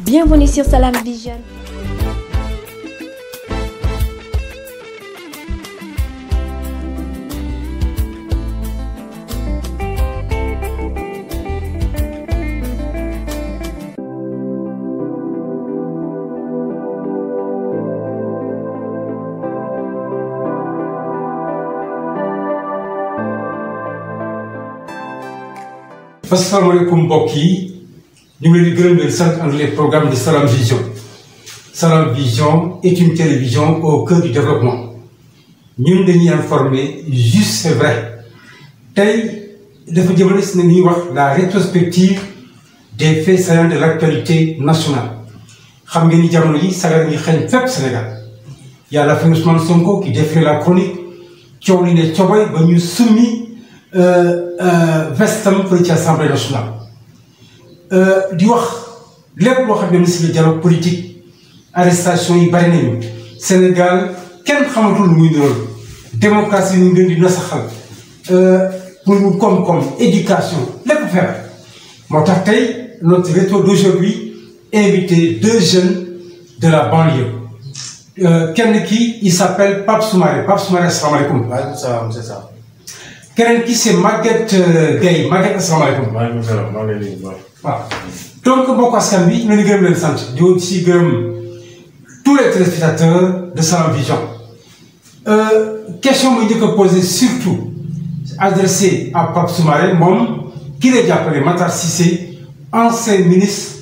Bienvenue sur Salam Vision. asalaamaaleykum mbokk yi ñu ngi leen di gërëm leen sant les programmes de Salam Vision Salam Vision est une télévision au cœur du développement ñun dañuy informer juste c'est vrai tey dafa jëmale si ne ñuy wax la rétrospective des faits saillants de l'actualité nationale xam nga ni jamono yi sagar ngi xañ fépp Sénégal yàlla fi Ousmane Sonko qui défait la chronique coow li ne coboy ba ñu summi euh, euh, vestam fële ci assemblée nationale Euh, di wax lépp loo xam ne lu si dialogue politique arrestation yi bari nañu Sénégal kenn xamatul muy noonu démocratie ñu leen di euh, pour mu koom-koom éducation lépp feebar moo tax tey notre retour d'aujourd'hui invité deux jeunes de la banlieue euh, kenn ki il s'appelle Pape Soumaré Pape Soumaré asalaamaaleykum. waaleykum salaam ki c'est Maguette Gueye Maguette asalaamaaleykum. waaleykum salaam maa ngi lay waaw donc mbokk askan bi ñu ngi gërëm leen sant di ci gërëm tous les téléspectateurs de Salam Vision euh, question bu njëkk a posé surtout adressé à Pape Soumaré moom ki lay jàppale Matar Cissé ancien ministre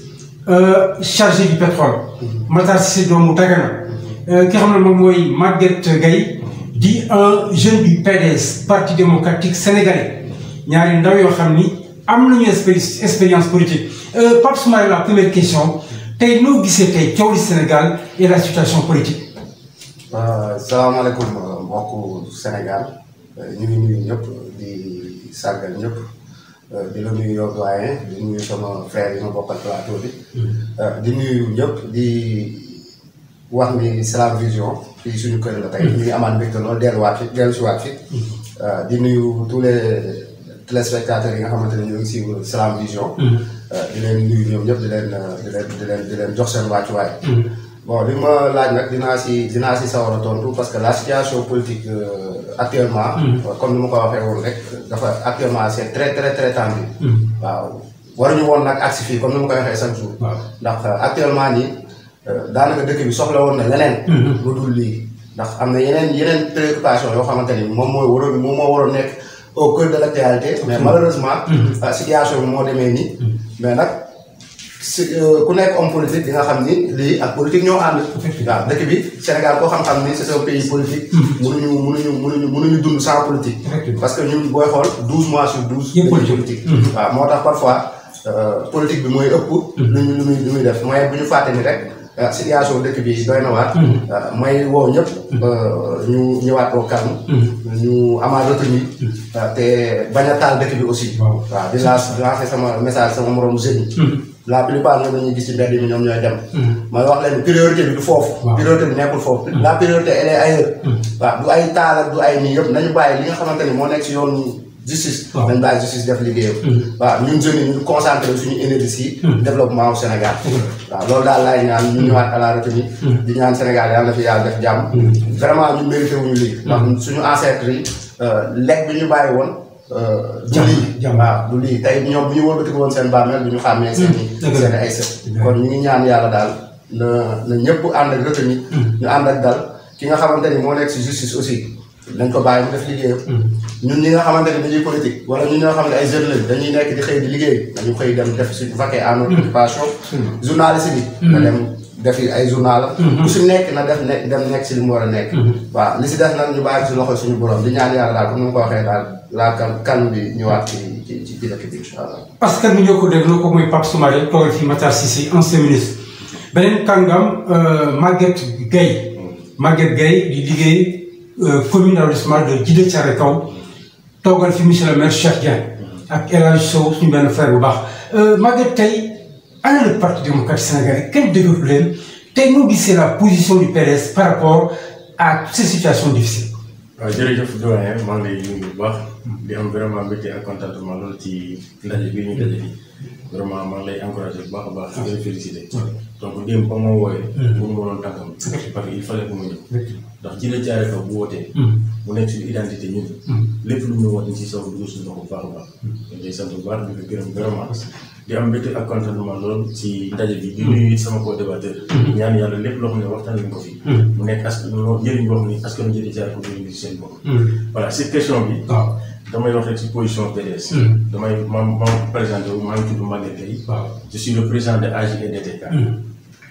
euh, chargé du pétrole Matar Cissé doomu Dagana euh, ki xam ne moom mooy Maguette Gaye di un jeune du PDS parti démocratique sénégalais ñaari ndaw yoo xam ni am nañu expérience politique euh, Pape Soumaré la première question tey noo gisee tey coow li Sénégal et la situation politique. Euh, salaamaaleykum mbokku Sénégal euh, ñu ngi nuyu ñëpp di sargal ñëpp di la nuyu yow doyen di nuyu sama frère yi ma bokkal plateau bi mm-hmm. di nuyu ñëpp di wax ni Salam Vision fii suñu kër la tey. Mm-hmm. ñu ngi amaat mbégte lool delluwaat fi dellusiwaat fi. Mm-hmm. di nuyu tous les. téléspectateurs yi nga xamante ne ñoo ngi suivre mm. euh, di leen nuyu ñoom ñëpp di leen di leen di leen jox seen wàccuwaay. Mm. bon li ma laaj nag dinaa si dinaa tontu parce que la situation politique euh, actuellement. Mm. Euh, comme ni ma ko waxee woon rek dafa actuellement c' est très très très tendu. waaw waruñu woon nag agsi fii comme ni ma koy waxee chaque jour. ndax actuellement nii daanaka dëkk bi soxla woon na leneen. Mm-hmm. lu dul lii ndax am na yeneen yeneen ni moom moo waroon nekk. au cœur de l'actualité mais malheureusement. Mm-hmm. situation bi moo demee nii. Mm-hmm. mais nag si euh, ku nekk homme politique di nga xam ni lii ak politique ñoo ànd. waaw dëkk bi Sénégal koo xam-xam ni c'est un pays politique. mënuñu mm-hmm. mënuñu mënuñu mënuñu dund sans politique. parce que ñun booy xool douze mois sur douze. yëpp politique waaw moo tax parfois euh, politique bi mooy ëpp. lu ñu lu muy lu muy def mooy bu ñu fàtte ni rek. Euh, situation dëkk bi doy na waar. Mm. Euh, may woo ñëpp. Mm. Euh, ñu ñëwaat au calme. Mm. ñu amaat retenu te bañ a taal dëkk bi aussi. waaw di lancer sama message sama moromu jeune la plupart ñoom dañuy gis bi du foofu. priorité bi nekkul foofu. la priorité elle est ailleurs. waaw du ay taal du ay nii yëpp nañu bàyyi li nga xamante ni moo nekk si yoon. justice nañ bàyyi justice def liggéeyam. Mm-hmm. waaw ñun jeunes yi ñu concentré suñu énergie si. Mm-hmm. développement wu Sénégal. Mm-hmm. waaw loolu daal laay ñaan ñu ñu à la retenue di ñaan Sénégal yàlla na fi yàlla def jàmm. vraiment ñu mérité wuñu lii. ndax suñu ancêtre yi euh, lekk bi ñu bàyyi woon. Euh, jàmm jàmm waaw du lii tey ñoom bu ñu wëlbatiku woon seen bàmmeel du ñu xàmmee. seen i ay sët. kon ñu ngi ñaan yàlla daal na na ñëpp ànd ak retenue ñu ànd ak dal ki nga xamante moo nekk si justice aussi. nañ ko bàyyi mu def liggéeyam. Mm-hmm. ñun ñi nga xamante ne dañuy politique wala ñun nga xam ne ay jeunes lañ dañuy nekk di xëy liggéey dañu xëy dem def suñu vaquer à notre mm-hmm. occupation. Mm-hmm. journaliste bi. ay journal am. si nekk na def ne dem nekk si li mu war a nekk. waaw li si def ñu bàyyi si loxo suñu borom di ñaan yàlla daal ni ma ko waxee daal laa kan kan ñëwaat ci ci ci dëkk bi parce que ñoo ko déglu ko muy Pape Soumaré toogal fi Matar Cissé ancien ministre beneen kàngam euh, Maguette Gueye mm. Maguette Gueye di liggéey. Euh, commune arrondissement de Djiddah Thiaroye Kaw toogal fi monsieur le maire Cheikh Dieng ak El Hadj bu baax euh, Maguette tey ana le parti démocratique sénégalais kenn déggatu leen tey noo gisee la position du PDS par rapport à toutes ces situations difficiles. waaw jërëjëf doyen maa ngi lay nuyu bu baax am vraiment mbégte ak contentement loolu ci ndaje bi ñu daje bi vraiment baax a baax ah. di donc démb comme moom wooyee. Mm-hmm. bu ñu waroon tànkam. parce il fallait que mu ñëw. ndax ci la jaaree fa bu wootee. Mm-hmm. mu nekk suñu identité ñun. Mm-hmm. lépp lu ñu wax ni ci saw dugg suñu ko baax a baax. dañ koy sant bu baax di ko gërëm vraiment. di bi. di nuyu ñaan yàlla lépp loo xam ne mu nekk askan njëriñ boo xam seen bopp. voilà cette question bi. damay wax rek ci position PDS. damay ma ma ma présenté wu maa ngi tudd Maguette Gueye. waaw je de AGEDTK.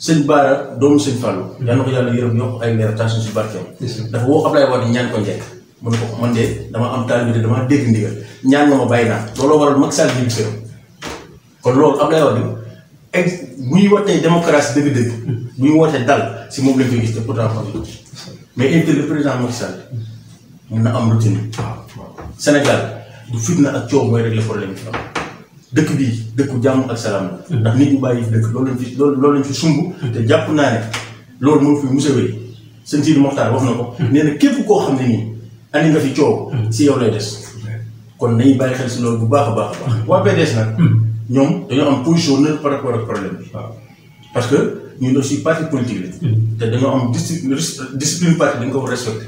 sëñ Baara doomu sëñ Fallou. yal na ko yàlla yërëm yokk ay leer tâche si barkeem. dafa woo Ablaye Wade ñaan ko njëkk. mu ne ko man de dama am taalibe de dama dégg ndigal ñaan nga ma bàyyi naa looloo waral Macky Sall ji bi kon loolu Ablaye Wade ex bu ñuy wootee dëgg-dëgg. bu ñu dal si moom lañ koy gis te pourtant xam mais invité le président Macky Sall mun na am routine. Sénégal du fitna ak coow mooy régler problème bi fi dëkk bi dëkku jàmm ak salaam la. Mm-hmm. ndax nit ñu bàyyi fi dëkk loolu lañ fi loolu lañ fi sumb. Mm-hmm. te jàpp naa ne loolu moo fi musawee wéy sëñ Sidi Moxtaar wax na ko. Mm-hmm. nee képp koo xam ne nii andi nga fi coow. si yow lay des. kon nañu bàyyi xel si loolu bu baax a baax a baax. waa PDS nag. ñoom dañoo am position neutre par rapport ak problème bi. waaw parce que. ñu def si parti politique la. Mm. te dañoo am discipline discipline parti dañ ko war a respecté.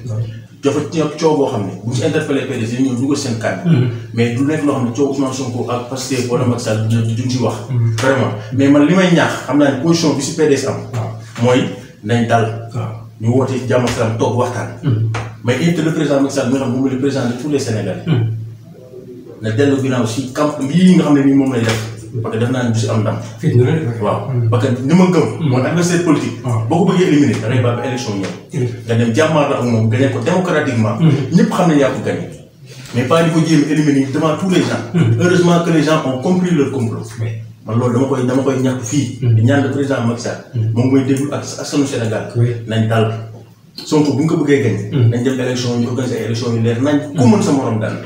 dafa ñëpp coow boo xam ne bu ñu si interpellé PDS ñoom dugal seen mm. mais du nekk loo xam ne coow Ousmane Sonko ak Pastef wala ci wax. Mm. vraiment mais man li may ñaax xam naa ne position bi si PDS am. Ah. mooy nañ dal. Ah. ñu woote jàmm salaam toog waxtaan. mais invité le président Macky Sall mi nga xam ne moom la le président de tous na dellu ginnaaw si camp lii nga xam ne nii moom lay def. parce que def naa ne du si am ndam. fii dina waaw mm. parce que ni ma gëm. Mm. mooy adversaire politique. boo ko bëggee éliminer da baax ba élection moom gagné ko démocratiquement. Mm. ñëpp xam ne yaa ko gagné. mais pas di que les gens dama koy dama koy ñaxtu fii. di ñaan le président Macky Sall. moom mooy déglu ak askanu Sénégal. nañ dal Sonko bu ñu ko bëggee gagné. nañ dem élection ñu organiser élection yu leer nañ. ku mën sa morom daal.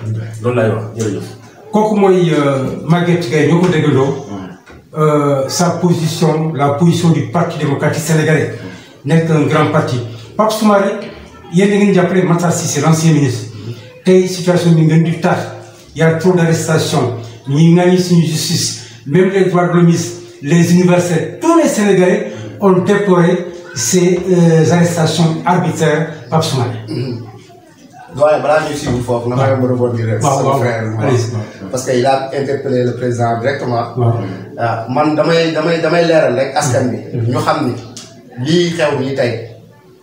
loolu laay wax jërëjëf. kooku mooy euh, Maguette Gaye ñoo ko déggandoo euh, sa position la position du parti démocratique sénégalais nekk un grand parti Pape Soumaré yéen da ngeen jàppale Matar Cissé l'ancien ministre tey situation bi ngeen di tar y a trop d'arrestations ñi ŋaññi suñu justice même les droits de l'hommiste les universitaires tous les sénégalais ont déploré ces euh, arrestations arbitraires Pape Soumaré mm-hmm. doyen balaa ñuy suivre foofu nga xam ne mën a di rek. sama frère parce que il a interpellé le président directement. waaw ah, man damay damay damay leeral rek askan bi. Mm-hmm. ñu xam ni lii xew nii tey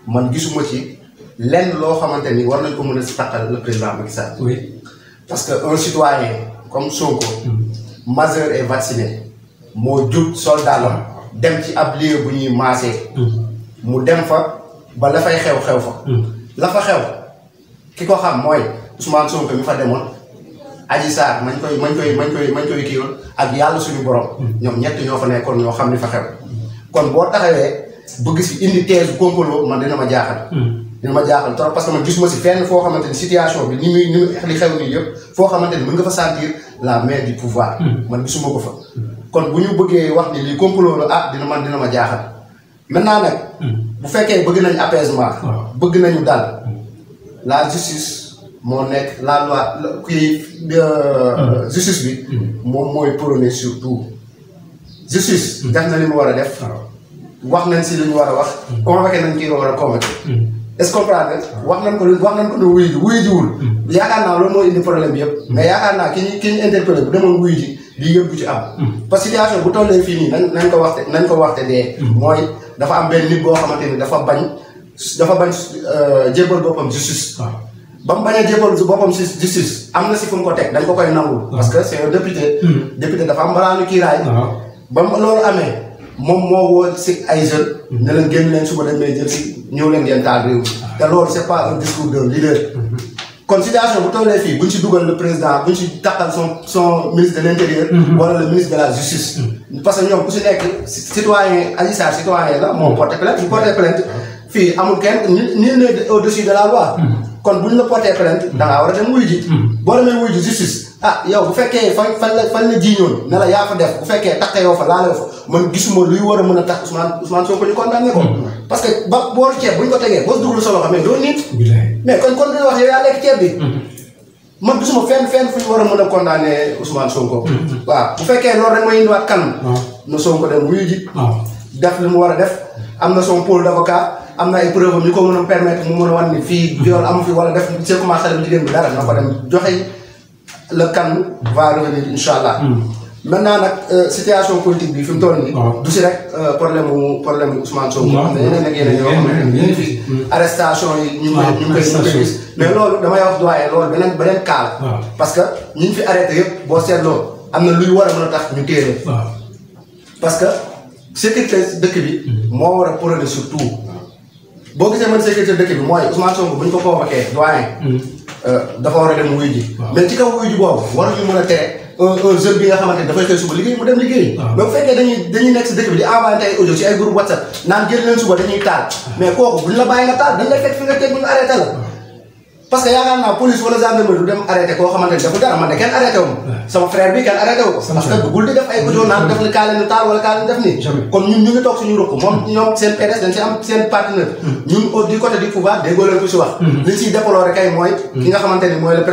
man gisuma ci lenn loo xamante ni war nañ ko mën a si taqal le président Macky Sall. oui parce que un citoyen comme Sonko. Mm-hmm. majeur e vacciné. moo jub soldat dem ci ab lieu bu ñuy maasee. Mm-hmm. mu dem fa ba la fay xew xew fa. la fa xew. ki ko xam mooy Ousmane Sonko mi fa demoon Adji Sarr mañ koy mañ koy mañ koy mañ ak yàlla suñu borom. ñoom ñett ñoo fa nekkoon ñoo xam li fa xew. kon boo taxawee bëgg si indi thèse complot man dina ma jaaxal. Hmm. dina ma jaaxal trop parce que man gisuma si fenn foo xamante ni situation bi ni ñu ni muy xew nii yëpp foo xamante ni mën nga fa sentir la mais du pouvoir. Hmm. man gisuma ko fa. kon bu ñu bëggee wax ni lii complot la ah dina man dina ma jaaxal maintenant nag. Hmm. bu fekkee bëgg nañ apaisement. bëgg nañu dal. la justice moo nekk la loi kii euh, mm-hmm. justice bi. Mm-hmm. moom mooy prôné surtout. justice. Mm-hmm. def na li mu war a def. Ah. wax nañ si li mu war a wax. convoqué nañ kii ko war a convoqué. Ah. wax nañ ko wax nañ ko ne wuyu ji wuyu jiwul. yaakaar naa loolu moo yëpp. mais yaakaar naa ki ñu ki ñu interpellé bu demoon wuyu lii yëpp ci am. parce que situation bu tollee fii nii nañ ko wax nañ ko waxte dee. mooy dafa am benn nit boo xamante dafa bañ. dafa bañ euh, jébbal boppam justice. Ah. ba mu bañee jébbal boppam justice am na si fu mu ko teg dañ ko koy nangul. Ah. parce que c' est un député. Hmm. député dafa am baraanu kiiraay. Ah. ba mu loolu amee moom moo woo si ay jeunes. Hmm. ne leen génn leen suba dañ may jël si ñëw leen ngeen taal réew te loolu c' pas un discours de leader. Hmm. kon bu tollee fii bu ñu ci dugal le président bu ñu ci takkal son son ministre de l' intérieur. wala ministre de justice. parce que ñoom ku si nekk citoyen fii amul kenn nul n'est au-dessus de la loi. Hmm. kon buñ la porté plainte hmm. da war a dem wuy ji. Hmm. boo demee wuy ji justice ah yow bu fekkee fan fan la fan la jiiñoon ne yaa fa def bu fekkee taxe yoo fa laale fa man gisuma luy war a mën a tax Ousmane Sonko ñu condamné ko. parce que ba booru ceeb buñ ko tegee boo duglu solo xam ne doo nit. mais kon kon dina wax yow yaa lekk ceeb war a mën a condamné Ousmane Sonko. na Sonko dem wuy ji. def li mu war a def am na son pôle d'avocat am na ay preuve ñu ko mën a permettre mu mën a wan ni fii viol amu fi wala def c'est commencé dem jigéen na ko dem joxe le calme hmm. euh, situation politique bi fi mu toll nii. Ah. du si rek euh, problème mu ah. hmm. yi ah, ñu ngi koy ñu ngi koy gis. mais loolu beneen beneen cas parce que ñi fi arrêté boo seetloo am na luy war a mën a tax ñu téye parce que sécurité dëkk bi. Hmm. moo war a prôner surtout. boo gisee man sécurité dëkk bi mooy Ousmane Sonko bu ñu ko convoqué doyen. Mm. Euh, dafa war a dem wuyu ji. mais ci kaw wuyu boobu waruñu mën a tere un un jeune bi nga xamante ni dafay xëy suba liggéey mu dem liggéey. waaw mais bu fekkee dañuy dañuy nekk si dëkk bi di envoyé ay audio si ay groupe WhatsApp naan génn leen suba dañuy taal. mais kooku buñ la bàyyi nga taal dañ la fi nga teg buñ arrêté la. parce que yaakaar naa police wala gendarmerie du dem arrêté koo xamante ne deful dara man de kenn arrêté wu sama frère bi kenn arrêté wu ko parce que dugul di def ay audio naan ni si am seen partenaire hmm. ñun au du côté hmm. mooy hmm. ki nga xamante ni mooy le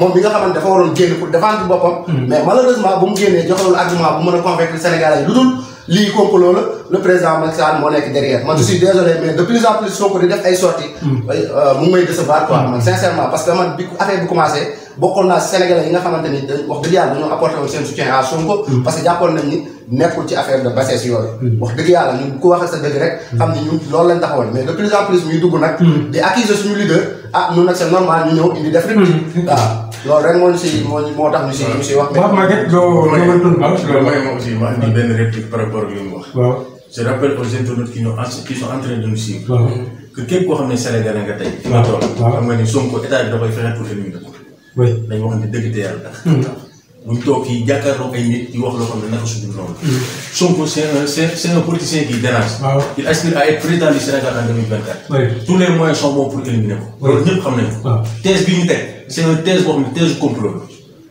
moom bi nga xamante dafa waroon génn pour défendre boppam mais malheureusement bu mu génnee joxewul argument bu mën a convaincre sénégalais yi lu dul lii complot la le président Macky Sall moo nekk derrière man je suis désolé mais de plus en ko di def ay sorties hmm. euh, mu may décevoir quoi hmm. man sincèrement parce que man bi affaire bi commencé bokkoon naa Sénégalais yi nga xamante ni dañ wax dëgg yàlla dañoo apporté woon seen soutien à Sonko hmm. parce que jàppoon nañ ni nekkul ci affaire de bassesse yooyu wax dëgg yàlla ñun ku waxal sa de plus en plus muy dugg nag di accuser ah, normal ñu ñëw indi def rek waaw ah. loolu rek moo si moo moo tax ñu si ñu si wax. waaw ma nekk doo doo ma aussi ma indi benn réplique par rapport ak li mu wax. waaw je rappelle aux internautes qui nous qui sont en train de nous suivre. waaw que képp koo xam ne Sénégalais nga tey. fi nga toll xam nga ni Sonko état bi da koy fexe pour éliminer ko. ne dëgg te yàlla buñ toog fii jàkkaarloo ay nit di wax loo xam ne naka su dul noonu. Sonko c' est un c' est un politicien qui dérange. waaw il aspire à être président du Sénégal en 2024. oui tous les moyens sont bons pour éliminer ko. loolu ñëpp xam nañu ko. bi ñu teg c' est un thèse boo xam ne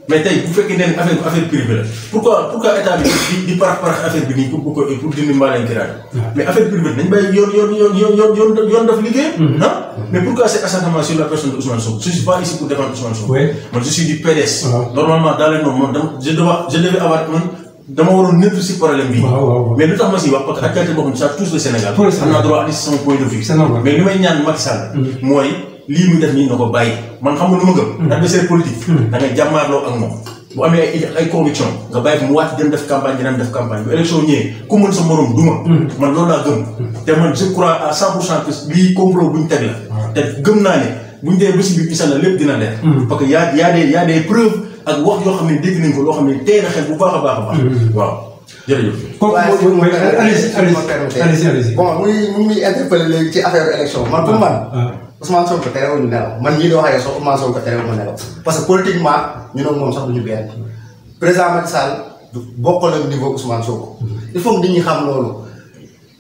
mais tey bu fekkee ne affaire affaire privée la pourquoi pourquoi état bi di di parax parax affaire bi nii pour pour pour dindi mbaaleen tiraay mais affaire privée nañ bàyyi yoon yoon yoon yoon yoon yoon daf liggéey. Mm-hmm. ah mais pourquoi c'est acharnement sur la personne de Ousmane Sonko je suis pas ici pour défendre Ousmane Sonko. oui man je suis du PDS. normalement dans les normes man dama je devais je devais avoir man dama waroon nëbb si problème bi. mais lu tax ma si wax parce que actualité boo xam ne ça touche le Sénégal. pour le Sénégal am naa droit à dire sama point de vue. mais li may ñaan Macky Sall mm-hmm. mooy. lii muy def nii na ko bàyyi man xam nga lu ma gëm. Hmm. adversaire politique. Hmm. da nga jàmmaarloo ak moom. bu amee ay ay conviction nga bàyyi ko def campagne dinañ def campagne bu élection sa hmm. lépp dina leer. parce que a ko loo xam ne tey bu baax bon muy muy interpellé ci affaire élection man pour ah. Ousmane Sonko terewul ñu nelaw man ñii di wax ak yow sax ko Sonko terewul nelaw parce que politiquement ñu ne moom sax du ñu benn président Macky Sall du bokkal ak niveau Ousmane Sonko. Mm-hmm. il faut que nit ñi xam loolu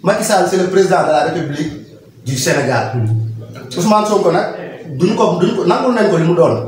Macky Sall c'est le président de la République du Sénégal mm-hmm. Ousmane Sonko nag duñu ko duñu ko nangul nañ ko li mu doon.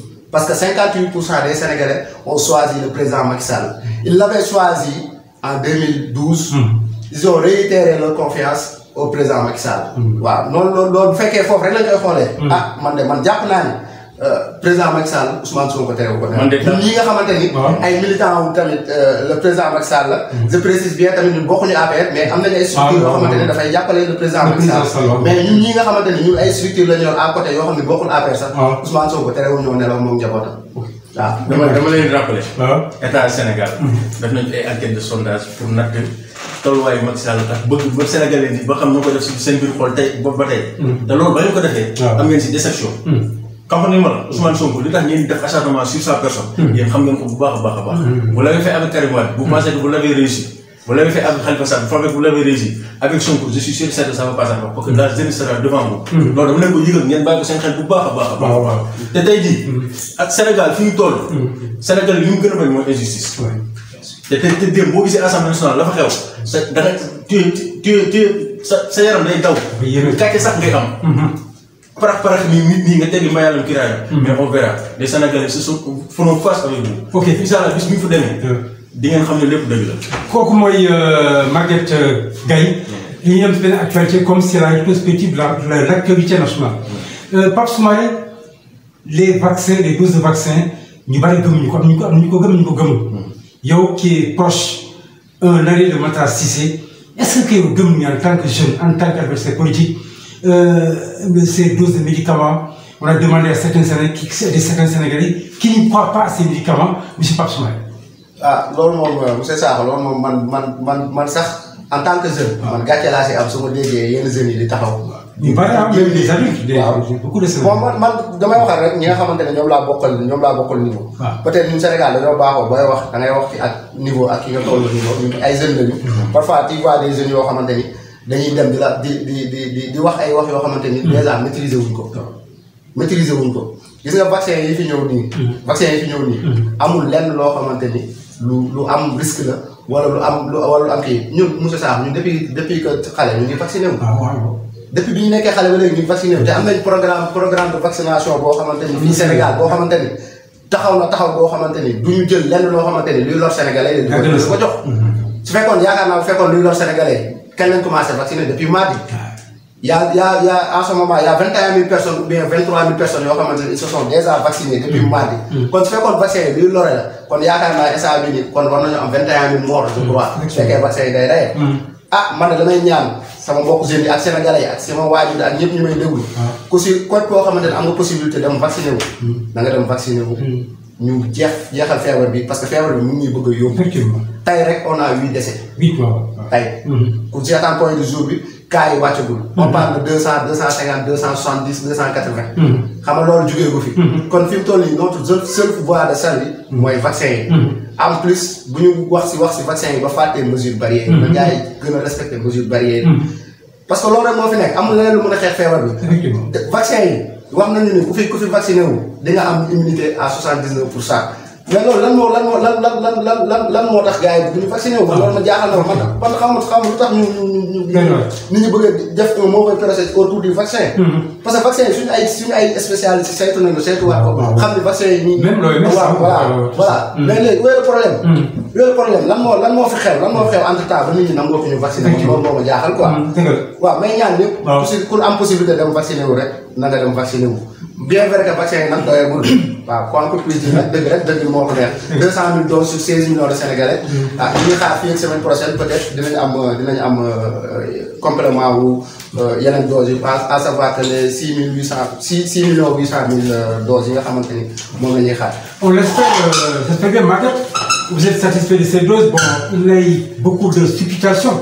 Parce que 58% des Sénégalais ont choisi le président Macky Sall. Mm-hmm. Ils l'avaient choisi en 2012. Mm. Mm-hmm. Ils ont réitéré leur confiance au président Macky Sall. Mm-hmm. waaw loolu loolu loolu bu fekkee foofu rek la koy xoolee. ah man de man jàpp naa président Macky Sall Ousmane Sonko tere ko. man de ñi euh, mm-hmm. mais am nañu ay ah, structures yoo xamante ne ni ñun ay structures la ñu ah. ñoo nelaw moom njabootam. waaw dama dama leen rappeler. Ah. état Sénégal. Mm-hmm. def nañu ay enquête de sondage pour natt tolluwaayu Macky Sall ba Sénégalais yi ba xam ñoo ko def si seen biir xol tey boobu ba tey. Mm-hmm. te loolu ba ñu ko defee. am ngeen si déception. comprendre ma la Ousmane Sonko li tax ngeen def acharnement sur sa hmm. xam ngeen ko bu baax a baax a baax. Hmm. vous l'avez fait avec Karim Wade. vous hmm. pensez que vous l'avez réussi. vous l'avez fait avec Khalifa Sall vous pensez que vous l'avez avec Sonko je suis sûr et certain ça va pas ça va parce que la jeunesse sera devant vous. loolu dama leen ko ngeen bàyyi seen xel bu baax a baax a baax. waaw te tey jii. ak Sénégal fi ñu toll. Sénégal li mu a bañ sa parax parax nii nit ñi nga teggi mbayaalum kiraayam. Mhm. mais on verra les Sénégalais se sont feront face avec vous. ok incha allah bis bu ñu fa demee. Euh. di xam ne lépp dëgg la. kooku mooy euh, Maguette euh, Gaye. li ñu am benn actualité comme c'est la perspective de l'actualité nationale. Pape Soumaré les vaccins les doses de vaccins ñu bari gëmuñu ko am ñu ko am ñu ko gëm ñu ko gëmul. yow qui est proche un de Matar Cissé est-ce que yow gëm nga en tant que jeune en tant qu'adversaire politique. Euh, ces doses de médicaments. On a demandé à certains Sénégalais, à des certains Sénégalais qui ma déggee yenn jeunes yi di taxaw. ñu bari am de Sénégalais. ne ñoom laa bokkal ñoom laa bokkal niveau. waaw ah. peut être ñun Sénégal dañoo baaxoo booy wax da ngay wax ci ak niveau ak ki nga toll niveau ay jeunes lañu. Mm-hmm. parfois tu vois des jeunes yoo xamante ni. dañuy dem di la di di di di wax ay wax yoo xamante ni hmm. dèjà wuñ ko. Hmm. maîtriser wuñ ko gis nga vaccin yi fi ñëw nii. Hmm. vaccin yi fi ñëw nii. amul lenn loo xamante ni lu lu am risque la lu lu wala lu am kii ñun que xale ñu ah, ñu nekkee xale ba léegi ñu am nañ programme programme de vaccination boo xamante ni fii Sénégal boo xamante ni taxaw na taxaw boo xamante ni du ñu jël lenn loo xamante ni luy lor sénégalais. dëgg la ko jox. su fekkoon yaakaar naa fekkoon luy lor sénégalais. kañ lañ commencé vacciner depuis mardi. Il y a, il y a, il y a, en ce moment, a 21 yoo xamante ne ils se sont depuis mm. mardi. Mm. kon su fekkoon vaccin yi luy kon yaakaar naa instant bii nii kon war nañu am 21 000 morts je mm. crois. su fekkee vaccin yi day rey. ah man de ñaan sama mbokku jeunes yi ak sénégalais yi ak sama waajur yi ak ñëpp ñu may déglu. Ah. si koo xamante ne am nga possibilité dem vacciné wu. na dem vacciné wu. ñu jeex jeexal feebar bi parce que feebar bi mu ngi bëgg a yóbbu. effectivement tey rek on a huit décès. huit waaw mhm. ku seetaan point de jour bi cas yi wàccagul. Mhm. on parle de deux cent deux cent cinquante deux cent soixante dix deux cent quatre vingt. Mhm. xam loolu jugee ko fi. kon fi mu toll nii notre seule voie de salut. mooy vaccin yi. en plus bu ñu wax si wax si vaccin yi ba fàttee mesure barrière. ba gars yi gën a respecté mesure barrière. parce que loolu rek moo fi nekk amul leneen lu mën a xeex feebar bi. vaccin yi. wax nañu ne ku fi ku fi vacciné wu di nga am immunité à soixante dix neuf pour cent mais loolu lan moo lan moo lan lan lan moo tax gars yi bu ñu vacciné wu. waaw ah. loolu jaaxal na ñu ni ñu bëgg a def moo koy procès autour mm-hmm. parce que vaccin suñu ay suñu ay spécialistes saytu nañu saytu waat ko. Ah, xam mm-hmm. mm-hmm. lan moo lan moo fi xew lan moo fi xew entre temps ba nit ñi nangoo fi ñu vacciné wu. loolu jaaxal quoi. dëgg la waaw mais ñaan lépp. waaw am possibilité dem vacciné wu rek na nga dem wu. bien vrai que vaccin yi nag doyagul. Mm. waaw entreprise bi nag dëgg rek dëgg moo ko neex. 200000 mm. doses sur 16 de sénégalais. Mm. ah ñu xaar fii ak semaine prochaine peut-être dinañ am euh, dinañ am euh, euh, complément wu yeneen doses yi à savoir que les 6800 6 6 millions 800000 doses yi nga xamante ni moom la ñuy xaar. on l'espère j'espère bien Maguette vous êtes satisfait de ces bon il beaucoup de supputation.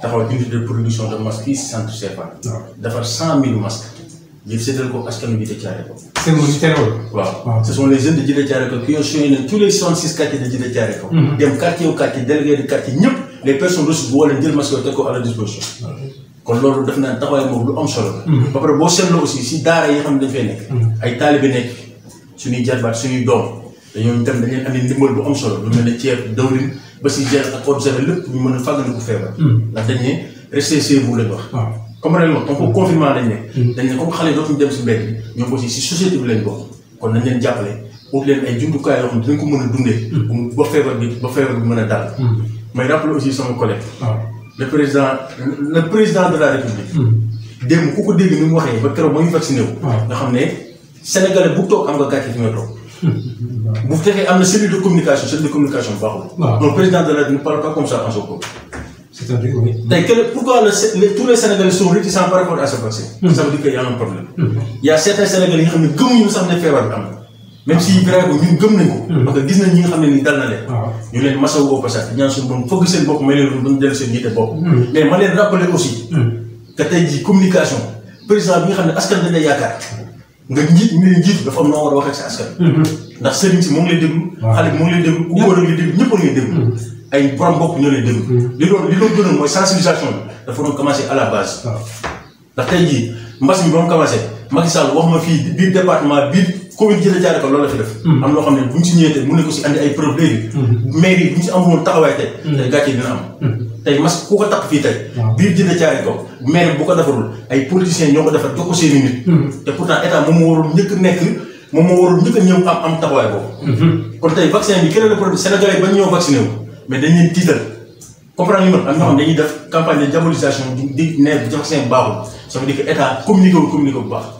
taxaw unité de production de masques fii si centre ah. defar cent mille masques. jëf seetal ko askan wi jëlee caare ko. seen wu ñu terewul. waaw ah, ce sont les jeunes de jëlee caare ko dem quartier wu quartier délégué de quartier ñëpp les personnes ressources boo leen jël masque teg ko à disposition. Ah, kon loolu def naa taxawaay moom lu am solo la. Mm-hmm. ba pare boo seetloo aussi si daara yi xam ne dañ fay nekk. Mm-hmm. ay taalibe nekk suñuy jarbaat suñuy doom dañoo itam dañuy am ne ceeb dawlin. ba si gel ak observer lépp ñu mën a fàggandiku feebar. Hmm. ndax dañ ne restez vous lañ wax. Ah. comme ren moom comme confinement dañ ne. Hmm. dañ ne comme xale yi dootuñu dem si mbedd bi ñoom aussi si société bi lañ bokk kon nañ leen jàppale ut leen ay jumtukaay yoo xam ne dinañ a dundee. Hmm. ba feebar bi ba feebar bi mën a dal. may rappeler aussi sama collègue. Ah. le président le président de la république. démb ku ko dégg ni mu waxee ba keroog ba ñu vacciné wu. Ah. nga xam ne sénégalais bu toog am nga gàcce fi nga toog. bu fekkee am na cellule de communication cellule de communication baaxul. donc président de la République ne parle pas comme ça en Sonko. c'est-à-dire oui. tey que pourquoi le tous les Sénégalais sont réticents par rapport à ce vaccin. Hmm. ça veut dire que y a un problème. Hmm. y a certains yi nga xam ne gëmuñu sax ne feebar am na. même si vrai ko ñun gëm nañ ko. Hmm. gis nañ ñi xam ne ni dal na leen. ñu leen masawu au passage ñaan suñu nga njiit nga njiit dafa am noo war a waxee mhm. si askan ndax sëriñ si moo ngi lay déglu xale bi moo ngi lay déglu ku góor a ngi lay lay déglu mhm. ay borom bopp ñoo lay déglu mhm. li doon li doon gënoon mooy sensibilisation bi dafa doon commencé à la base ndax tey jii mbas mi ba mu commencé Macky Sall wax ma fii biir département biir commune Djiddah Thiaroye Kao loolu la fi def. Hmm. am xam ne bu ñu si ñëwee tey mën na ko si andi ay preuve léegi. Hmm. mairie bu hmm. ko takk bu ko defarul ay politiciens ñoo ko defar jox ko seen i nit. te pourtant état moom am am taxawaay bi keneen la problème Sénégalais yi mais dañ leen tiital. comprendre ñu man am ñoo xam dañuy di ne vaccin baaxul ça veut dire que état communiqué bu baax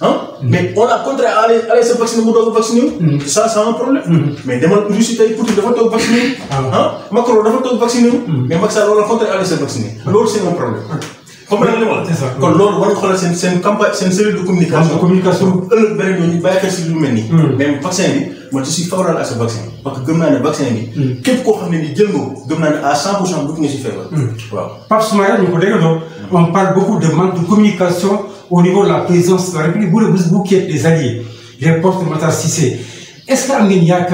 ah mais on a contraint allez allez sa vacciner mu doog a vacciné wu. Mm. ça c'est un problème. Mm. mais demal Russie tey Poutine dafa toog vacciné wu. ah Macron dafa toog vacciné wu. mais Macky Sall on a contraint allez sa vacciner loolu c'est un problème. comme ren li ma la. kon loolu war nga xoolal seen seen campagne seen cellule de communication. communication pour ëllëg beneen ñooñu bàyyi xel si lu mel nii. mais vaccin bi man je suis favorable à ce vaccin. parce que gëm naa ne vaccin bi. képp koo xam ne ni jël nga ko gëm naa ne à 100 pour cent dugg nga si feebar. waaw Pape Soumaré ñu ko déggoo. on parle beaucoup de manque de communication. au niveau de la présidence de la République bu dee bu kii des alliés les porte Matar Cissé est-ce que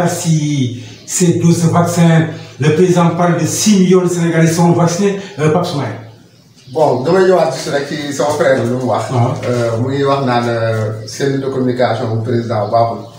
am si ces douze vaccins le président parle de six millions de Sénégalais sont vaccinés euh, Pape bon damay ñëwaat ci rek ci sama frère bi lu mu wax. Ah. Euh, mu ngi wax naan euh, cellule de communication bu président baaxul.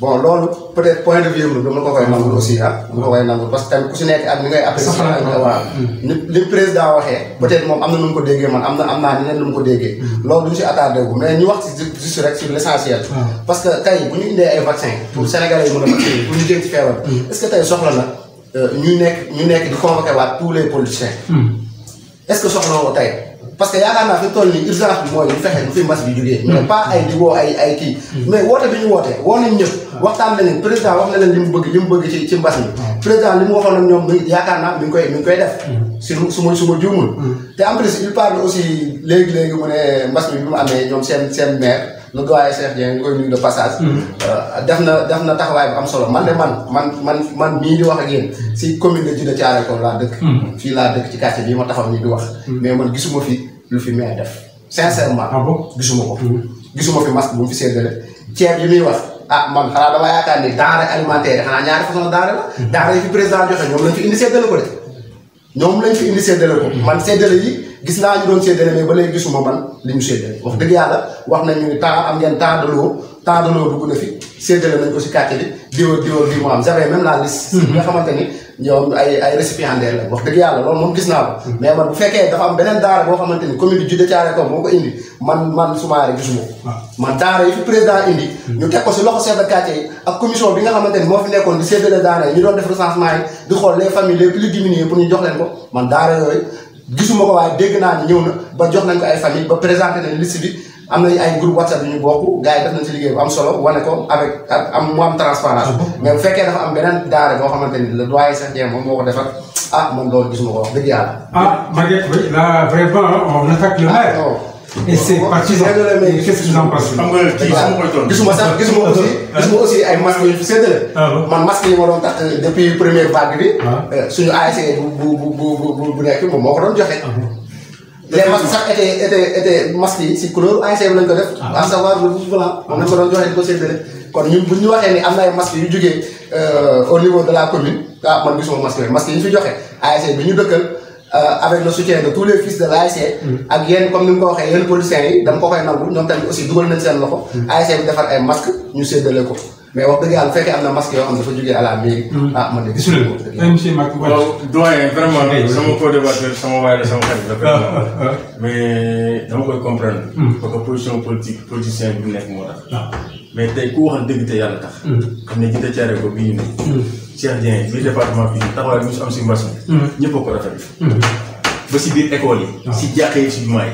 bon loolu peut-être point de vue am dama ko koy nangul aussi ah. dama ko koy nangul parce que tamit ku si nekk ak ni ngay apprécier ak waaw ni président waxee peut-être moom am na nu mu ko déggee man am na am naa neneen nu mu ko déggee mm-hmm. loolu duñu si attardé wu mais ñu wax si juste rek sur ah. parce que tey bu ñu indee ay vaccin pour Sénégalais yi mën a vacciner pour ñu jëm ci feebar mm-hmm. est que tey soxla na euh, ñu nekk ñu nekk di convoqué waat tous les politiciens mm-hmm. est-ce que tey parce que yaakaar naa fi toll nii urgence bi mooy ñu fexe bu fi mbas bi jógee mais pas ay di woo ay ay kii mm. mais woote bi ñu woote woo nañ ñëpp ah. waxtaan na ne président wax na leen li mu bëgg li mu bëgg ci ci mbas mi ah. président li mu waxoon ñoom mi yaakaar naa mi ngi koy mi ngi koy def mm. si su ma su ma juumul mm. te en plus il parle aussi léegi-léegi mu ne mbas mi bi mu amee ñoom seen seen maire le doyen Cheikh Dieng ñu koy nuyu de passage euh, def na def na taxawaay bu am solo man de man man man man mii di wax ak yéen si commune de Djiddah Thiaroye Kaw laa dëkk fii laa dëkk ci quartier wax mais man gisuma fi lu fi mais def sincèrement. ah bon gisuma ko. Mhm. gisuma fi masque bu mu fi séddale. ceeb yi muy wax ah man xanaa dama yaakaar ni denrée alimentaire xanaa ñaari façon denrée la. Mhm. denrée yi fi président joxe ñoom lañ fi indi séddale ko de. ñoom lañ fi indi séddale ko. man séddale yi gis naa ñu doon séddale mais ba léegi gisuma man li ñu séddale wax dëgg yàlla wax nañu ni temps am ngeen temps de l'eau temps de l'eau dugg na fi séddale nañ ko si quartier bi diwa diwa bii mu mhm. xamante ni. ñoom ay ay récipiendaires la wax dëgg yàlla loolu moom gis naa ko hmm. mais man bu fekkee dafa am beneen daara boo xamante ni commune bi Djiddah Thiaroye Kaw moo ko indi man man Soumaré gisuma ko ah. man daara président indi hmm. ñu teg ko si loxo chef de quartier bi nga xamante ni moo fi nekkoon di séddale daara yi ñu doon def recensement yi di xool les familles les plus diminuées pour ñu jox leen yooyu gisuma ko waaye dégg naa ni ñëw na ba jox nañ ko ay famille ba présenté nañ liste bi am na ay group whatsapp yu ñu bokk gars yi def nañ ci liggéey bu am solo wane ko avec am mu am transparence ah mais bu fekkee dafa am beneen gaare boo xamante ni le doyen sax jéem moom moo ko defar ah moom loolu gisuma dëgg yàlla ah Maguette oui là vraiment on attaque le maire ah, et c'est partisan quest que tu en ma koy tontu gisuma sax gisuma aussi ah. gisuma aussi ay masques ñu séddale yi ma doon tax depuis première vague bi euh, suñu ASC e bu bu bu bu nekk moom moo ko doon joxe les masques sax étaient étaient étaient masques yi si couleur ANC bi lañ ko def. à savoir le rouge blanc. lañ ko doon joxe di ko séddale. kon ñun bu ñu waxee ni am na ay masques yu jógee euh, au niveau de la commune ah man gisuma masques yooyu masques yi ñu fi joxe ASC bi ñu dëkkal euh, avec le soutien de tous les fils de l'ASC mm. ak yéen comme ni nga ko waxee yéen politiciens yi dama ko koy nangu ñoom tamit aussi dugal nañ seen loxo. Mm. ASC bi defar ay masques ñu séddale ko. mais wax dëgg yàlla bu fekkee am na masque yoo xam ne dafa jógee à la mairie. Mm-hmm. ah man de gisul ko. sama co sama waay la sama xarit ah, ah, ah. mais dama koy comprendre. Mm. parce que position politique politicien bi nekk yàlla tax. Mm. xam ne jënd caare ko bii ñu ne. Mm. Cheikh Dieng bi département bi taxawaay bi mu am si mbas mi. ñëpp a ko rafetlu. ba si biir école yi. si jàkkee si jumaa yi.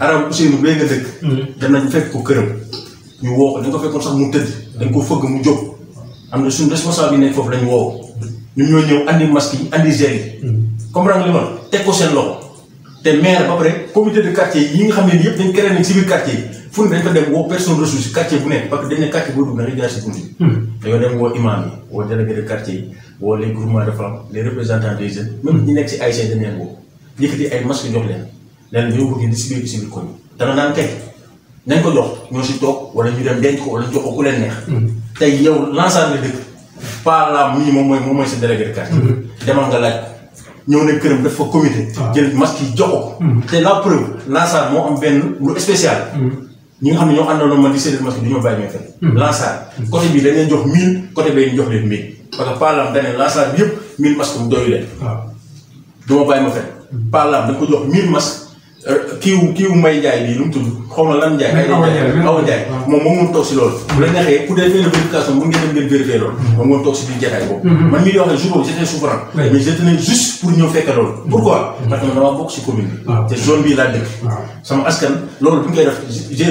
arab Ousseynou bee nga dëkk. danañ fekk ko këram. ñu woo ko dañ ko fekkoon sax mu tëdd dañ ko fëgg mu jóg am na suñu responsable yi nekk foofu lañ woo ñun ñëw andi masque yi andi gel yi hmm. comprendre li ma teg ko seen loxo te maire ba pare comité de quartier yi nga xam ne yëpp dañ créé nañ si biir quartier yi fu ne dañ fa dem woo personne ressource quartier bu nekk parce que dañ ne quartier boo dugg da nga jaar si bunti hmm. hmm. si ASC nañ ko jox ñoo si toog wala ñu dem denc ko wala jox ko ku leen neex. Mm-hmm. tey yow l'ensemble dëkk par là mii moom mooy moo mooy sa délégué de quartier. Mm-hmm. demal nga laaj ñëw ne këram dafa comité. Ah. jël masque yi jox ko. Mm-hmm. te la preuve l'ensemble moo am benn lu spécial. ñi nga xam ne ñoo àndaloon man di séddale masque du ñoo bàyyi ñooy fay. l'ensemble côté bi dañ leen jox 1000 côté bee ñu jox leen 1000 parce que par dañ ne l'ensemble bi yëpp 1000 masques mu doyu ah. ma bàyyi ma fenn. par là ko jox 1000 Euh, kiiw kiiw May Ndiaye bii lu mu tudd xaw ma lan Ndiaye. Awa Ndiaye Awa moom moom moo toog si loolu. bu la neexee pour des fins de vérification mën ngeen dem ngeen vérifier loolu. Mm-hmm. moom moo toog si biir jotaay boobu. Mm-hmm. man mii di mm-hmm. bi. te zone bii laa dëkk. sama askan loolu bu ñu koy def j'ai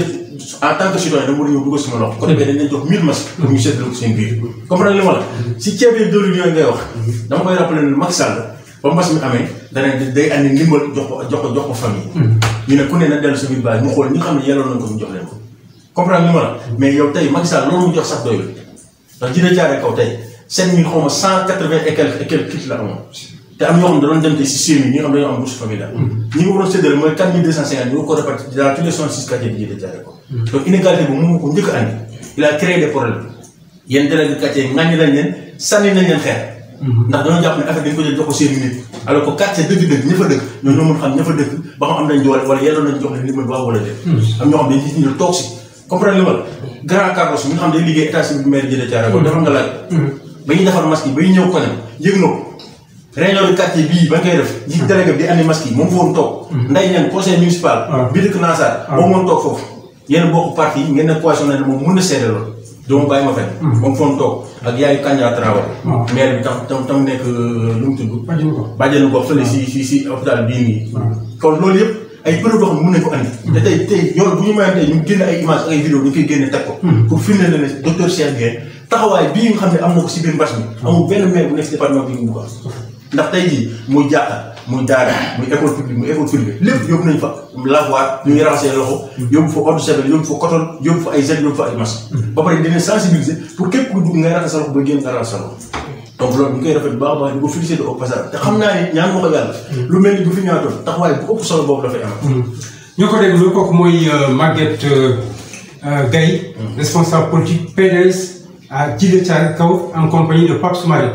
en tant que citoyen dama war a ñëw dugal sama seen biir. comprendre li ma la si ceeb yi dëwlin yooyu ngay wax. dama koy rappeler ne Macky Sall ba mbas mi amee danañ day andi ndimbal jox ko jox ko jox ko famille. Hmm. ñu ne ku ne na dellu sa biir bàyyi ñu xool ñu xam ne yelloon nañ ko ñu jox leen ko. comprendre li hmm. mais yow tey Macky Sall loolu mu jox sax doyul ndax ji la jaaree kaw tey 7000 xaw ma 180 et quelques et quelques kits la amoon. te am ñoo xam ne da dem tey si séeréer ñi xam dañoo am bourse familiale. Hmm. ñi nga ko la jaaree kaw. njëkk andi. il a créé des problèmes yéen délégué quartier ŋàññi lañ leen sànni nañ leen xeer ndax dañoo jàpp ne affaire dañ ko jël jox ko seen nit alors que quartier dëgg-dëgg ña fa dëkk ñoo ñoo mën xam ña fa dëkk ba xam am nañ doole wala yelloon nañ jox leen li mën baax wala def hmm. am ñoo xam dañ toog si comprendre li ma la grand cargos mi xam day liggéey état civil bi maire jëlee caare ko defal nga laaj hmm. ba ñuy defar masque yi bay ñëw ko ne yëg na ko réunion de bii ba ngay def ji hmm. délégué bi di andi yi moom foon toog nday ñan conseil municipal ah. bi dëkk Nassar ah. moom na moom mën na seede loolu doomu bàyyi ma fekk. moom foon toog ak yaayu Kanja Traoré. Mm. maire bi tam tam tam nekk lu euh, mu tudd. bàjjenu ko bàjjenu ko si si si bii nii. Mm. kon loolu yëpp ay preuve yoo xam ne mën nañu ko mm. te tey tey yoon bu ñu mayee tey ñu génne ay image ak ay vidéo ñu koy génne teg ko. pour firndeel na ne docteur Cheikh Gueye taxawaay bii nga xam ne am na ko si biir mbas mi. amul benn maire bu nekk si département bi mu ko am. ndax tey jii muy jaaxal. muy daara muy école publique muy école privée lépp yóbbu nañ fa lavoir ñu ngi raxas seen loxo yóbbu fa eau de javel yóbbu fa coton yóbbu fa ay gel yóbbu fa ay masque ba pare dinañ sensibiliser pour képp ku dugg ngay raxas sa loxo ba génn nga raxas sa loxo a te xam naa ne ñaan ma ko yàlla lu mel ni bu fi ñëwaatoon taxawaay bu ëpp solo boobu dafay am ñoo ko dégg loolu kooku mooy euh, Maguette euh, euh, Gaye mm. responsable politique PDS à Djidah Thiaroye Kao en compagnie de Pape Soumaré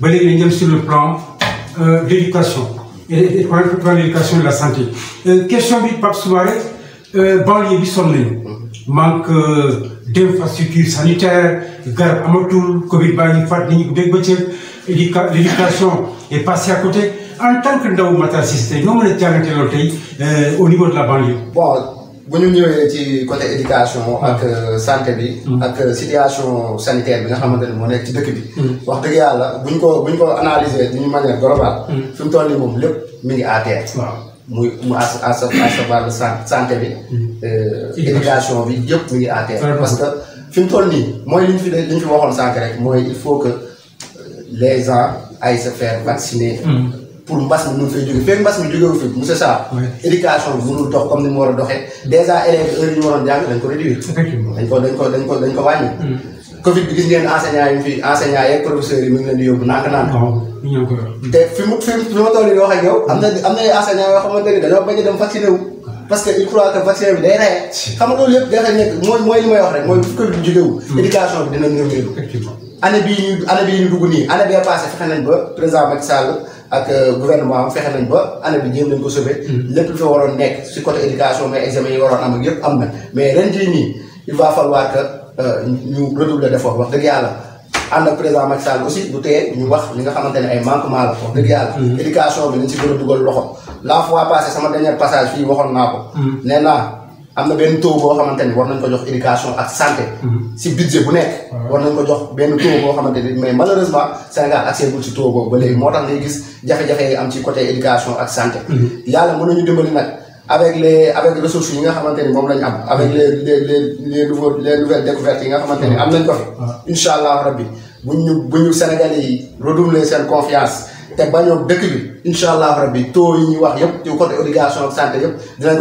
ba léegi ñu jëm sur le plan euh, d' éducation et et d' éducation de la santé. Euh, question bi Pape Soumaré euh, banlieue bi sonn nañu manque d' sanitaire garab amatul Covid baa ngi faat nit ñi éducation est passée à côté en tant que ndaw Matar Cissé tey noo a tey au niveau de la banlieue. bu ñu ñëwee ci côté éducation ak mm-hmm. euh, santé bi. Mm-hmm. ak euh, situation sanitaire bi nga xamante ne moo nekk ci dëkk bi. Mm-hmm. wax dëgg yàlla bu ñu ko bu ñu ko analyser d'une manière globale. fi toll nii lépp mi ngi à terre. muy mu à à savoir euh, bi. éducation bi yëpp mi ngi parce que fi mooy li ñu fi li ñu fi waxoon sànq rek mooy il faut que les gens aillent se vacciner. pour mbas mi ñu fay jóge feeg mbas mi jógewu fi monsieur Sarr éducation bi mënul dox comme ni mu war a doxee mm. dèjà élèves heure yi ñu waroon jàng dañ ko réduire dañ ko dañ ko dañ ko dañ ko wàññi mm. covid bi gis ngeen enseignant yi fi enseignant yeeg professeurs yi mu ngi leen di yóbbu nànk ah, nànk te fi mu fi fi ma toll di wax ak yow am na am na enseignant yoo xamante ni dañoo bañ a dem vacciné wu ah. parce que il croit que vaccin bi day rey xam nga loolu yëpp dafay nekk mooy mooy li may wax rek mooy fi covid bi jógewu mm. éducation bi dina ñëw ñëw année bii ñu année bii ñu dugg nii année bee passé fexe nañ ba président Macky Sall ak euh, gouvernement am fexe nañ ba année bi jéem nañ ko sauver. Mm. lépp lu fa waroon nekk si côté éducation mais examen yi waroon am ak yëpp am na mais ren jii nii il va falloir que euh, ñu redoubler d'effort wax dëgg yàlla ànd ak président Macky Sall aussi du tee ñu wax li nga xamante ne ay manquement la wax dëgg yàlla. Mm. éducation bi nañ si gën a dugal loxo. la fois passée sama dernier passage fii waxoon naa ko. Mm. nee am na benn taux boo war nañ ko jox éducation ak santé. Mhm. si budget bu nekk. Ah. war nañ ko jox benn taux boo xamante ni mais malheureusement Sénégal accès gul si taux ba léegi moo tax ngay gis jafe-jafe yi am ci côté éducation ak santé. Mhm. yàlla mën nañu dimbali nag avec les avec ressources yi nga xamante ni moom lañ am. Mhm. avec les les les les nouveaux les yi nga xamante ni am nañ ko fi. Ah. allah rabbi bu ñu bu ñu Sénégalais yi redoubler seen confiance. te bañoo dëkk bi incha allah rabbi taux yi ñuy wax yëpp ci côté éducation ak santé yëpp dinañ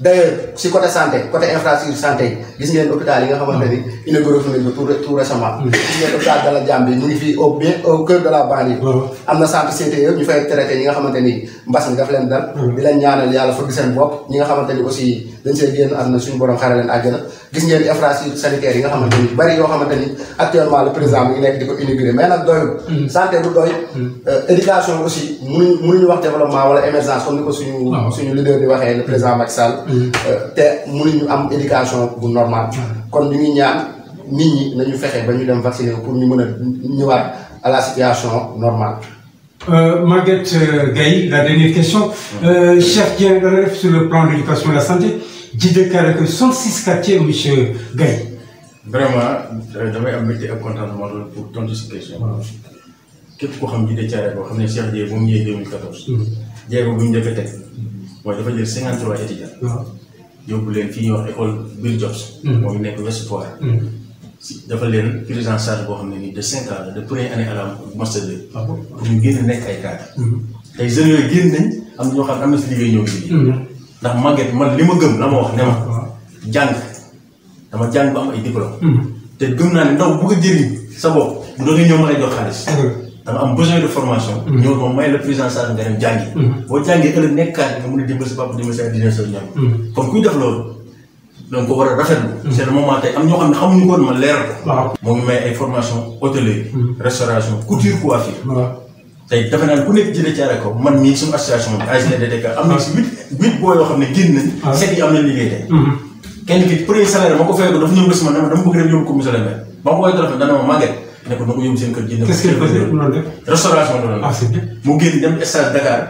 d'ailleurs si côté santé côté infrastructure santé gis ngeen hôpital yi nga xamante ni inauguré fu nañ ko tout tout récemment mm. gis ngeen hôpital Dalal Jamm mu ngi fii au bien au cœur de la banlieue am na centre CTE ñu fay traité ñi nga xamante ni mbas mi daf leen dal mm. di leen ñaanal yàlla fëgg seen bopp ñi nga xamante ni aussi dañ see génn àdduna suñu borom xare leen àjjana gis ngeen infrastructure sanitaire yi nga xamante ni bari yoo xamante ni actuellement le président mi ngi nekk di ko inauguré mais nag doyul mm. santé du doy mm. euh, éducation aussi mënuñu mënuñu wax développement wala émergence comme ni ko suñu ah suñu leader di waxee le mm. président Macky Sall euh, te mënuñu am éducation bu normal ah kon ñu ngi ñaan nit ñi nañu fexe ba ñu dem vacciné pour ñu mën a ñëwaat à la euh, la dernière question. Euh, chef Dieng, sur le plan jiite Karakou 66 quartier monsieur Gaye. vraiment euh, damay am métier ak contentement loolu pour tontu si question. képp koo xam jiite Thiaré boo xam ne Cheikh Dieye mm-hmm. bu mu ñëwee 2014. Dieye boobu bu ñu defee teg mm-hmm. mooy dafa jël 53 étudiants. yóbbu leen fii ñuy wax école Bill Jobs. Mm-hmm. mooy nekk West Foire. si dafa leen prise en charge boo xam ne nii de 5 ans de première année à la master 2. Ah pour ñu génn nekk ay cadres. tey jeunes génn nañ am ñoo xam ne am na si liggéey ñoom liggéey. ndax màgget man li ma gëm la ma wax ne ma jàng dama jàng ba am ay diplôme hmm. te gëm naa ne ndaw bëgg a jëriñ sa bopp bu doon ñëw ma lay jox xaalis eh da nga am besoin de formation hmm. ñëw moom may la prise en charge nga dem jàngi hmm. boo jàngee ëllëg nekkaat nga mun a dimbali sa bopp dimbali sa dina ñoom kon kuy def loolu donc ko war a rafetlu c'est le moment tey am ñoo xam ne xamuñu ko woon ma leeral ko moo may ay formation hôtellerie restauration couture coiffure tey defe naa ku nekk jëlee caare ko man mii suñu association bi AGDDK am na si huit huit boo yoo xam ne génn ah. set yi am na liggéey tey. Mhm. kenn ki premier salaire ma ko fayee ko dafa ñëw ba si man dama bëgg dem yóbbu ko monsieur le maire ba ma koy téléphone dana ma màgget ne ko na ko yóbbu seen kër jënd. est-ce que restauration la doon ah, mu génn dem stage Dakar.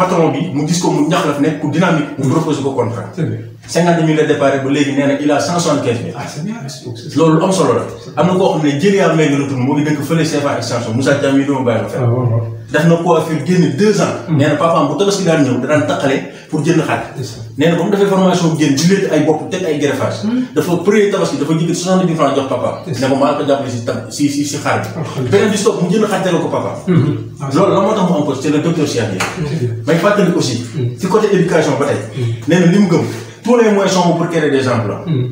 patron bi mu gis mu ñax la fi nekk ku dynamique. mu proposé ko contrat. c'est vrai la départ ba léegi nee na il a cent soixante quinze mille. Ah, am solo la. am na koo xam ne jëli yaa may nga la tudd moo ngi dëkk fële CFA extension Moussa Thiam yi bàyyi ma fenn. Ah, daf na coiffure génn deux ans. Hmm. nee na bu tabaski daan ñëw da daan pour jënd xar nee na ba mu defee formation jën di létt ay bopp teg ay greffage hmm. dafa pré tabaski dafa jëkkati soixante mille francs jox papa ne ko maa ko jàppale si tam si si si xar bi beneen bi mu jënd xar tegal ko papa hmm. loolu la moo tax mu am ko c'est le docteur Cheikh yi hmm. may fàttali aussi ci côté éducation ba tey nee li mu gëm tous les moyens sont pour créer des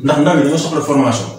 ndax ndaw yi dañoo soxla formation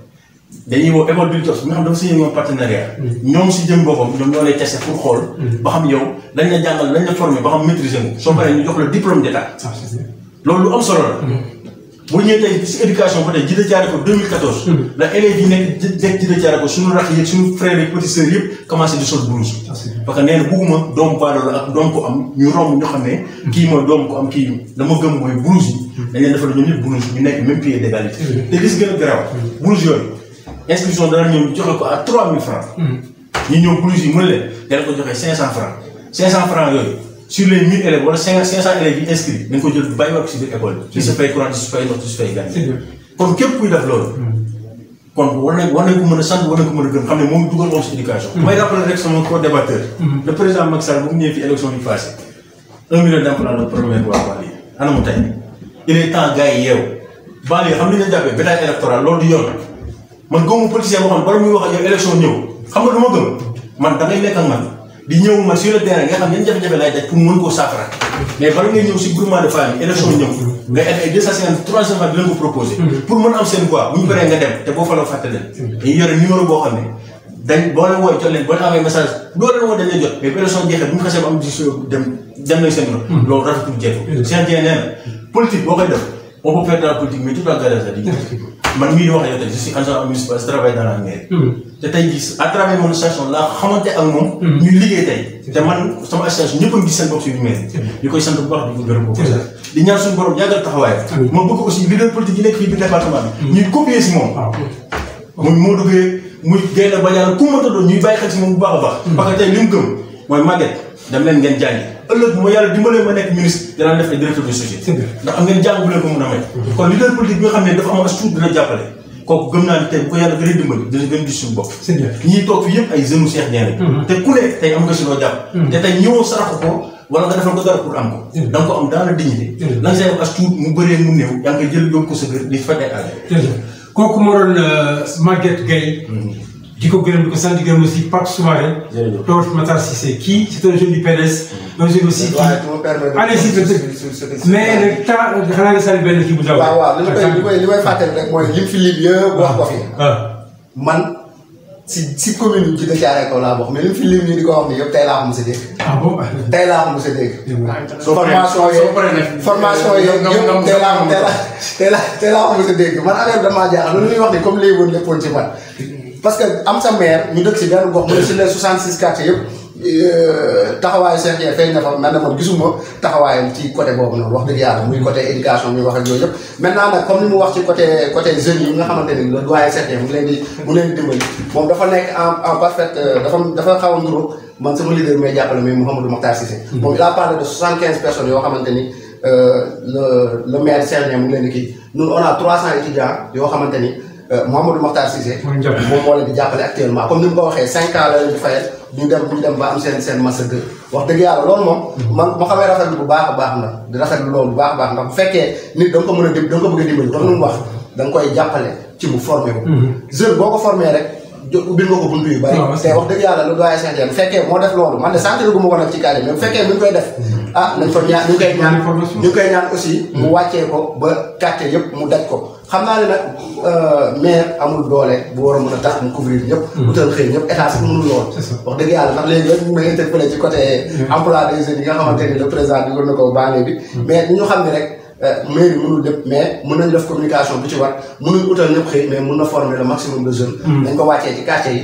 dañuy woo école Biltos nga xam dafa signé woon partenariat. Mm. ñoom si jëm boppam ñoom ñoo lay testé pour xool. Mm. ba xam yow dañ la jàngal dañ la formé ba xam maîtriser nga. soo paree ñu jox la diplôme d'état. Ah, loolu lu am solo la. Mm. bu ñëwee tey si éducation ba tey Djida Thiaré ko 2014. la élèves yi nekk nekk Djida ah, parce que nee na bugguma doomu baadoolo ak doom ko am ñu romb ñu xam ne. kii mooy doom ko am kii la ma gëm mooy blouse yi. dañ leen defal ñoom ñëpp ñu nekk même pied d'égalité. te inscription dana ñëw ñu joxe ko à 3000 francs hmm. ñu ñëw plus yi mën leen dana ko joxe 500 francs 500 francs yooyu sur les 1000 élèves wala 500 élèves yi inscrits dañ ko jël bàyyiwaat ko si biir école bi. ci sa courant ci sa fay ndox ci sa fay gàncax. kon képp kuy def loolu. Hmm. kon war nañ war nañ ko mën a sant war nañ ko mën a gëm xam ne moom dugal moom si éducation. Hmm. may rappeler rek sama co-débatteur. le président Macky Sall bu yi passé un million d'emplois la première waa Bali man gëmu politicien boo xam ne bala muy wax ak yow ñëw xam nga lu ma gëm man da ngay man di ñëw ma sur le terrain nga xam yan jafe-jafe de femmes élection ñëw nga ay deux cent cinquante trois cent mm-hmm. pour mën am seen voix bu ñu mm-hmm. ne dañ boo leen wooy jot leen boo leen amee message loolu leen woo lay jot mais mm-hmm. boo koy def on peut faire de la politique mais tout à garage di man mii di wax yow tey je suis agent municipal je travaille dans la mairie. Hmm. te tey gis à travers mon moom. Hmm. ñu liggéey tey. te man sama association ñëpp a ngi gis seen bopp suñu mairie. ñu hmm. koy sant bu baax di ko gërëm ko. di ñaan suñu borom yàggal taxawaay. ma bëgg aussi leader politique yi nekk fii biir département bi. ñuy copier si moom. waaw ah, muy Modou muy Guèye la Badiane ku mu mënta doon ñuy bàyyi xel si moom bu baax baax. parce tey li gëm mooy màgget dem ëllëg ma yàlla dimbalee ma nekk ministre dinaa def ne directeur de société ndax am ngeen jàng bu leen ko mun a may mm-hmm. kon leader politique bi xam ne dafa am as dina jàppale kooku gëm naa ne ko yàlla yëpp ay jeunes Cheikh Ndiaye mm-hmm. te ku ne mm-hmm. da nga ko am mu bëree mu néew yaa ngi koy ko sa kër di fete di ko gërëm di ko sant di gërëm aussi Pape Soumaré. jërëjëf Théodore Matar Cissé kii c'est un jeune du PDS. un jeune aussi qui mais nag taa xanaa nga sànni benn kii bu ndaw. waaw waaw li may li may fàttali rek mooy lim fi lim yëpp wax ko fi. Ah. Ah. man si si commune bi Djidah Thiaroye Kaw laa bokk mais lim fi lim nii di ko wax nii yëpp tey laa ko mos a dégg. ah bon tey laa ko mos a dégg. formation yi formation yi yëpp tey laa ko tey laa tey laa ko mos a dégg man affaire bi damaa jaaxal loolu ñuy wax ni comme léegi woon léppoon ci man parce que am sa maire ñu dëkk si benn gox mu ne si les 66 quartiers yëpp euh, taxawaayu Cheikh Dieng feeñ na fa man na man ci côté boobu noonu wax dëgg yàlla muy côté éducation wax ak wax ci côté côté jeunes yi nga leen di moom dafa nekk en en parfaite euh, dafa xaw a nduru man sama leader may jàppale muy Mouhamadou Makhtar Cissé. moom il a parlé de 75 personnes yoo xamante ni. Euh, le maire Cheikh Dieng mu ngi leen kii ñun on a 300 étudiants yoo xamante ni. Euh, Mouhamadou ma Cissé. moom moo leen di jàppale actuellement comme ni mu ko waxee cinq ans la leen di fayal ñu dem wax dëgg yàlla loolu moom mm-hmm. man ma xamee rafetlu bu baax a baax na di rafetlu loolu bu baax a baax ndax fekkee nit da ko mën a da nga ko a dimbali comme ni mu wax da koy jàppale ci mu formé ko mm-hmm. jeune boo ko formé rek ubbil nga ko buntu yu bari ah, wax dëgg yàlla lu doyee bu fekkee moo def loolu man de sentir ko nag ci kaari mais bu fekkee koy def mm-hmm. ah nañ fa koy ñaan ñu ngi koy ñaan aussi mu wàccee ko ba quartier yëpp mu daj ko xam naa ne nag euh, maire amul doole bu war a a tax mu couvrir ñëpp. Mm-hmm. utal xëy ñëpp état si mënul lool. wax dëgg yàlla ndax léegi nag ñu mm-hmm. nga xamante ni le président bi war na ko bànnee bi. Mm-hmm. mais ñu xam ne rek. Euh, mairie mënul lépp mais mën nañu def communication bu ci war mënuñ utal ñëpp xëy mais mën na former le maximum de jeunes. dañ ko wàccee ci quartier yi.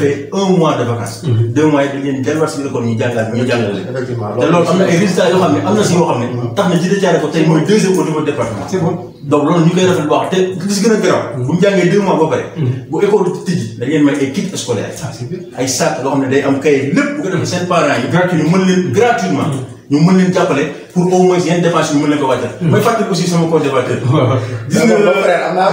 defee un mois de vacances. Mm-hmm. deux mois yi dañ leen delluwaat si biir ñu jàngal ñu jàngal te loolu am na ay résultats yoo xam ne am na si yoo xam ne. Mm-hmm. tax na Djidah Thiaroye Kao tey mooy deuxième si gën a garaaw. Mm-hmm. bu ñu jàngee deux mois ba pare. bu école tijji dañ leen may ay kits scolaires. ay sac loo xam ne day am kay lépp bu ko defee seen parents yi gratuit mën leen gratuitement. ñu mën leen jàppale pour au moins yenn dépense yu mën leen ko wàccal. may fàttali aussi sama conservateur. gis nga am naa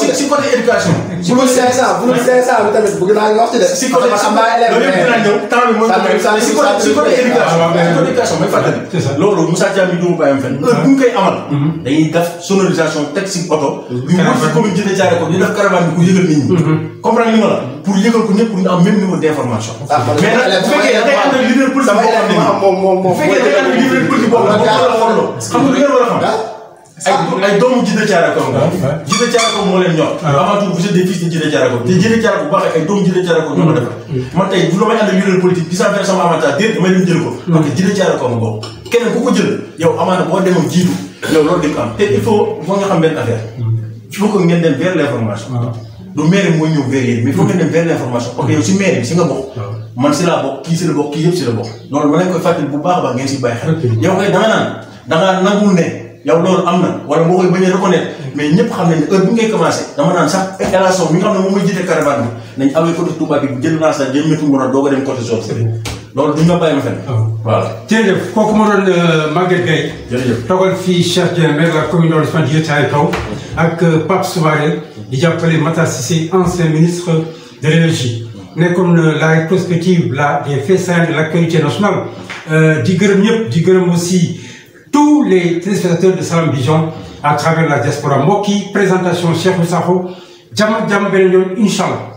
si si côté éducation. si côté 500 bu dul 500 bi tamit bëgg naa nga wax ci de. si côté am naa élèves mais si côté si côté éducation. si côté éducation may fàttali. c'est ça loolu Moussa Diagne du ma bàyyam fenn. heure bu ñu koy amal. dañuy def sonorisation teg si oto. ñu wër si commune Djidah Thiaroye ko ñu def caravane bi ku yëgal nit ñi. comprendre li ma la pour yëgal ko ñëpp pour ñu am même niveau d'information. mais nag bu fekkee da ngay ànd leader politique bu fekkee da nga jiw rek bëgg boobu la xam nga ah. war a xam. ay ay doomu Djidah Thiaroye Kao nga. Djidah ah. Thiaroye Kao moo leen ñor. Ah. avant tout vous êtes des fils de Djidah Thiaroye Kao te Djidah Thiaroye Kao bu baaxee ay doomu Djidah Thiaroye Kao ñoo ko defar. Mm. Mm. man tey bu la may ànd ak politique di sama avantage déet damay dem jël ko. Mm. parce que Djidah Thiaroye Kao ma nga dem vers l'information. du maire mooy ñëw vers yéen mais il faut ngeen dem vers l'information. ok yow si maire bi si nga bokk man si laa bokk kii si la bokk kii yëpp si la bokk loolu ma leen koy fàttali bu baax a baax ngeen si bàyyi xel yow kay danga naan dangaa nangul ne yow loolu am na wala moo koy bañ a mais ñëpp xam nañ ne heure bi ngay commencé dama naan sax relation bi nga xam ne moom mooy jiite caravane bi nañ awee côté Touba bi jël naa sax jël métti mën a doog ko dem côté zone loolu duñ ma bàyyi ma fen ah. voilà jërëjëf kooku ma doon euh, Maguette fii Cheikh Dieng maire la commune d'arrondissement de Guédiawaye Kaw ak euh, Pape Soumaré di jàppale Matar nekkoon euh, la rétrospective là des faits saillants de l'actualité nationale euh, di gërëm ñëpp di gërëm aussi tous les téléspectateurs de Salam Vision à travers la diaspora mbokk yi présentation Cheikhou Sakho jàmm ak jàmm beneen yoon incha